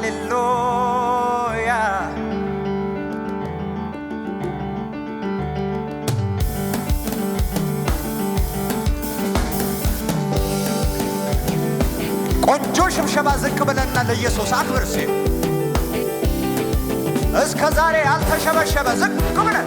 ሃሌሉያ ቆንጆ ሽብሸባ ዝቅ ብለና ለኢየሱስ አክብር ሴ እስከ ዛሬ አልተሸበሸበ ዝቅ ብለን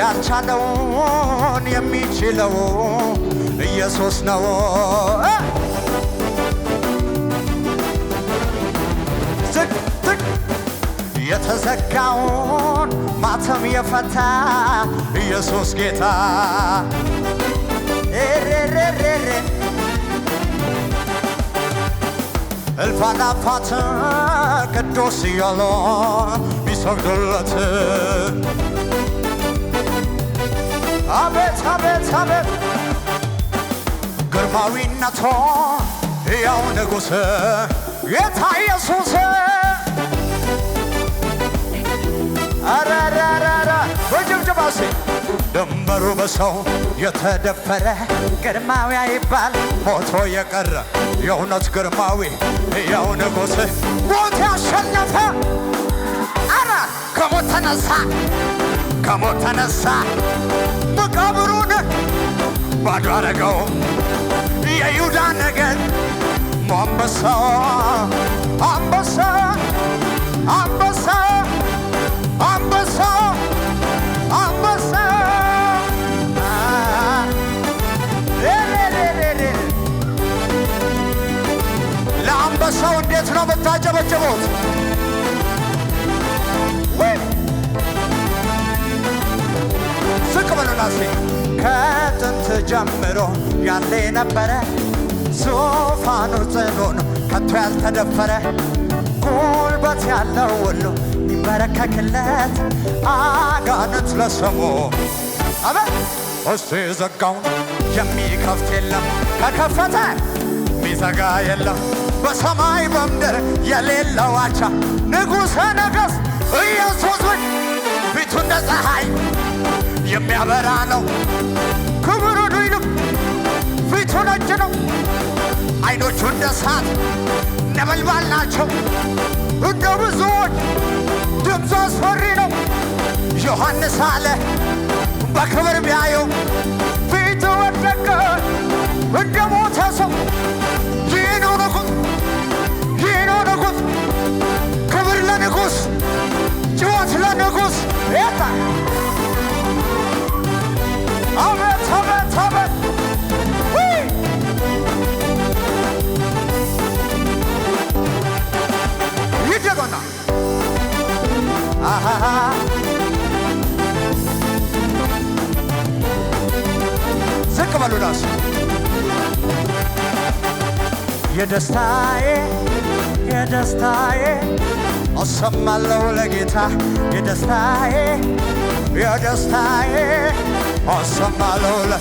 ያልቻለውን የሚችለው ኢየሱስ ነው። የተዘጋውን ማተም የፈታ ኢየሱስ ጌታ እልፋላፋት ቅዱስ እያሉ ቢሰግዱለት አቤት አቤት አቤት ግርማዊነቶ ሕያው ንጉሥ ጌታ ኢየሱስ አራራራራ በጭብጭባሴ ድንበሩ በሰው የተደፈረ ግርማዊ አይባል ሞቶ የቀረ የእውነት ግርማዊ ሕያው ንጉሥ ሞት ያሸነፈ አረ ከሞት ተነሳ ከሞት ተነሳ ባዶ አረገው የይሁዳ ነገድ አንበሳ አንበሳ አንበሳ አንበሳ አንበሳ ለአንበሳው እንዴት ነው የምታጨበጭቡት? ዝቅ በሉና ከጥንት ጀምሮ ያለ ነበረ ዙፋኑ ጽኑ ነው ከቶ ያልተደፈረ ጉልበት ያለው ሁሉ ይንበረከክለት አጋንንት ለስሙ አቤት እስቲ ዘጋውን የሚከፍት የለም ከከፈተ ሚዘጋ የለም በሰማይ በምድር የሌለው አቻ ንጉሠ ነገሥት ኢየሱስ ፊቱ እንደ ፀሐይ የሚያበራ ነው። ክብር ሁሉ ይልቅ ፊቱ ነጭ ነው። አይኖቹ እንደ እሳት ነበልባል ናቸው። እንደ ብዙዎች ድምፁ አስፈሪ ነው። ዮሐንስ አለ በክብር ቢያየው ፊቱ ወደቀ እንደ ሞተ ሰው። ይህ ነው ንጉሥ፣ ይህ ነው ንጉሥ። ክብር ለንጉሥ፣ ጭወት ለንጉሥ። የታ አቤት አቤት አቤት ይደጎና ዝቅ በሉ ዳስ የደስታዬ የደስታዬ አሰማለሁ ለጌታ የደስታዬ የደስታዬ አሰማለሁለ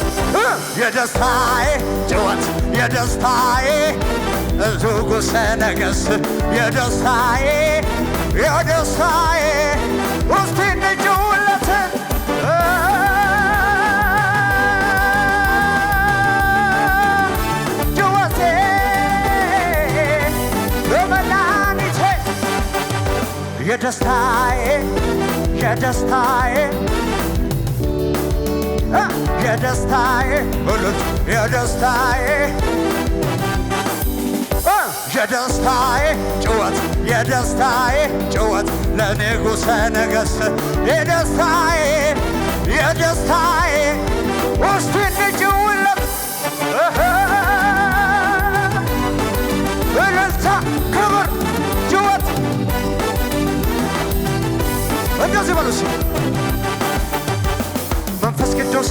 የደስታዬ ጭወት የደስታዬ ንጉሠ ነገሥት የደስታዬ የደስታዬ ውስቲ ንጭውለት ጭወቴ የመድኃኒቴ የደስታዬ የደስታዬ የደስታዬ የደስታዬ የደስታዬ ጭወት የደስታዬ ጭወት ለንጉሠ ነገሥት የደስታዬ የደስታዬ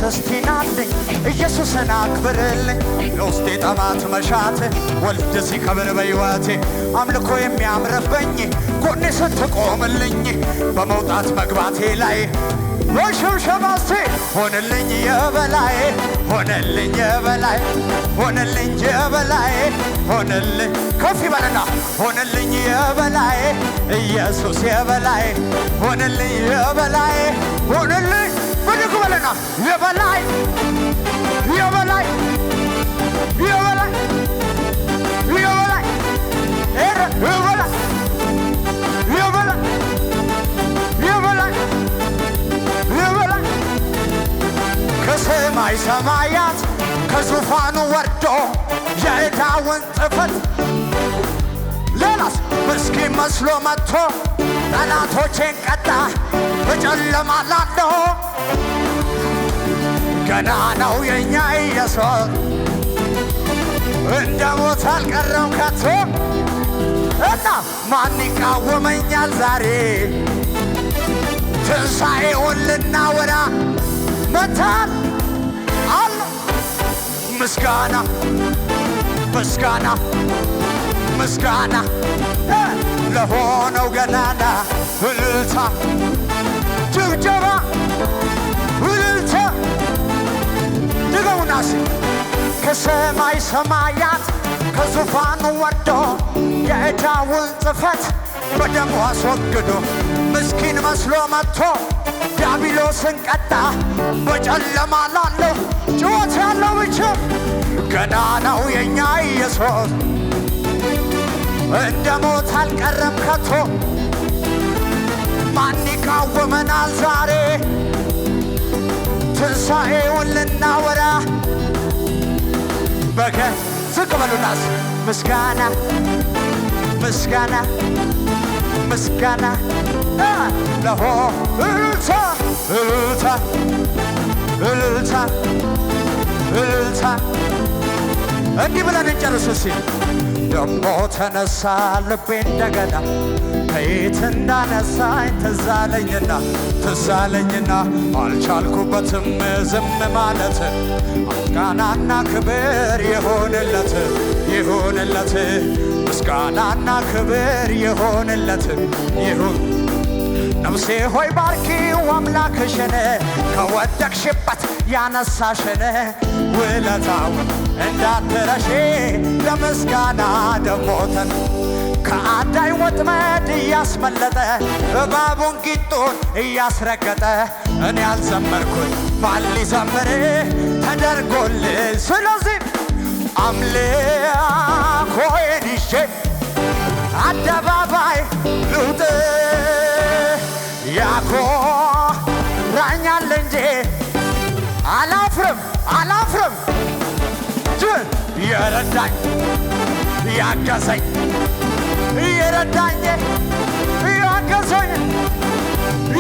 ኢየሱስ ፊናልኝ ኢየሱስን አክብርልኝ የውስጤ ጠማት መሻት ወልድ ሲከብር በሕይወቴ አምልኮ የሚያምርብኝ ጎኔ ስትቆምልኝ በመውጣት መግባቴ ላይ ወሽብሸባሴ ሆንልኝ የበላይ ሆነልኝ የበላይ ሆነልኝ የበላይ ሆነልኝ ከፍ ይበልና ሆነልኝ የበላይ ኢየሱስ የበላይ ሆነልኝ የበላይ ሆነልኝ Helena, you're alive. You're alive. You're alive. You're alive. You're alive. You're alive. You're alive. You're alive. ከሰማይ ሰማያት ከዙፋኑ ወርዶ የዕዳውን ጽሕፈት ሌላስ ምስኪን መስሎ መጥቶ ጠላቶቼን ቀጣ በጨለማ ላለሁ ገና ነው የኛ ኢየሱስ እንደ ሞት አልቀረም ከቶ እና ማን ይቃወመኛል ዛሬ ትንሣኤውን ልናወራ መታል አሉ ምስጋና ምስጋና ምስጋና ለሆነው ገናና እልልታ ጭብጨባ ንገውናስ ከሰማይ ሰማያት ከዙፋኑ ወርዶ የዕዳውን ጽፈት በደሙ አስወግዶ ምስኪን መስሎ መጥቶ ዲያብሎስን ቀጣ። በጨለማ ላለው ጭወት ያለው ብቻ ገና ነው የእኛ ኢየሱስ እንደ ሞት አልቀረም ከቶ ማን ይቃወመናል ዛሬ ትንሣኤውን ልናወራ በከ ዝቅ በሉናስ ምስጋና ምስጋና ምስጋና ለሆ እልልታ እልልታ እልልታ እልልታ እንዲህ ብለን እንጨርስ እስኪ ደሞ ተነሳ ልቤ እንደገና ከየት እንዳነሳኝ ትዛለኝና ትዛለኝና አልቻልኩበትም ዝም ማለት ምስጋናና ክብር የሆንለት ይሁንለት ምስጋናና ክብር የሆንለት ይሁን ነፍሴ ሆይ ባርኪው አምላክሽን ከወደቅሽበት ያነሳሽን ውለታውን እንዳትረሼ ለምስጋና ደሞተን ከአዳይ ወጥመድ እያስመለጠ እባቡን ቂጡን እያስረገጠ እኔ ያልዘመርኩኝ ባል ሊዘምር ተደርጎልኝ ስለዚህ አምላክ ሆይ ይዤ አደባባይ ልውጥ የረዳኝ ያገዘኝ የረዳኝ ያገዘኝ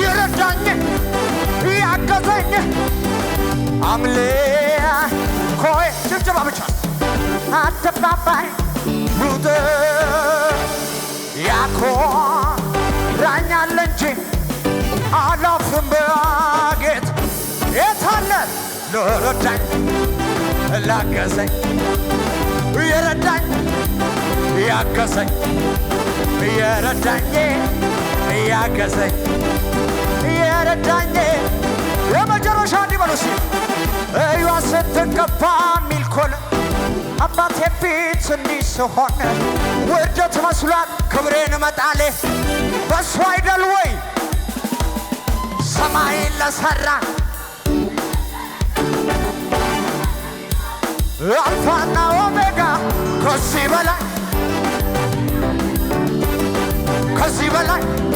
የረዳኝ ያገዘኝ አምሌያ ኮይ ጭብጨባ ብቻ አተባባይ ሩጥ ያኮራኛል እንጂ አላፍርም በጌት የታለ ለረዳኝ ላገዘኝ የረዳኝ ያገዘኝ የረዳኝ ያገዘኝ የረዳኝ የመጨረሻ እንዲበሉሲ እዩዋ ስትገባ ሚል ኮነ አባቴ ፊት እንዲህ ስሆን ውርደት መስሏል ክብሬን መጣሌ በሱ አይደል ወይ ሰማይን ለሠራ አልፋና ኦሜጋ ከዚህ በላይ ከዚህ በላይ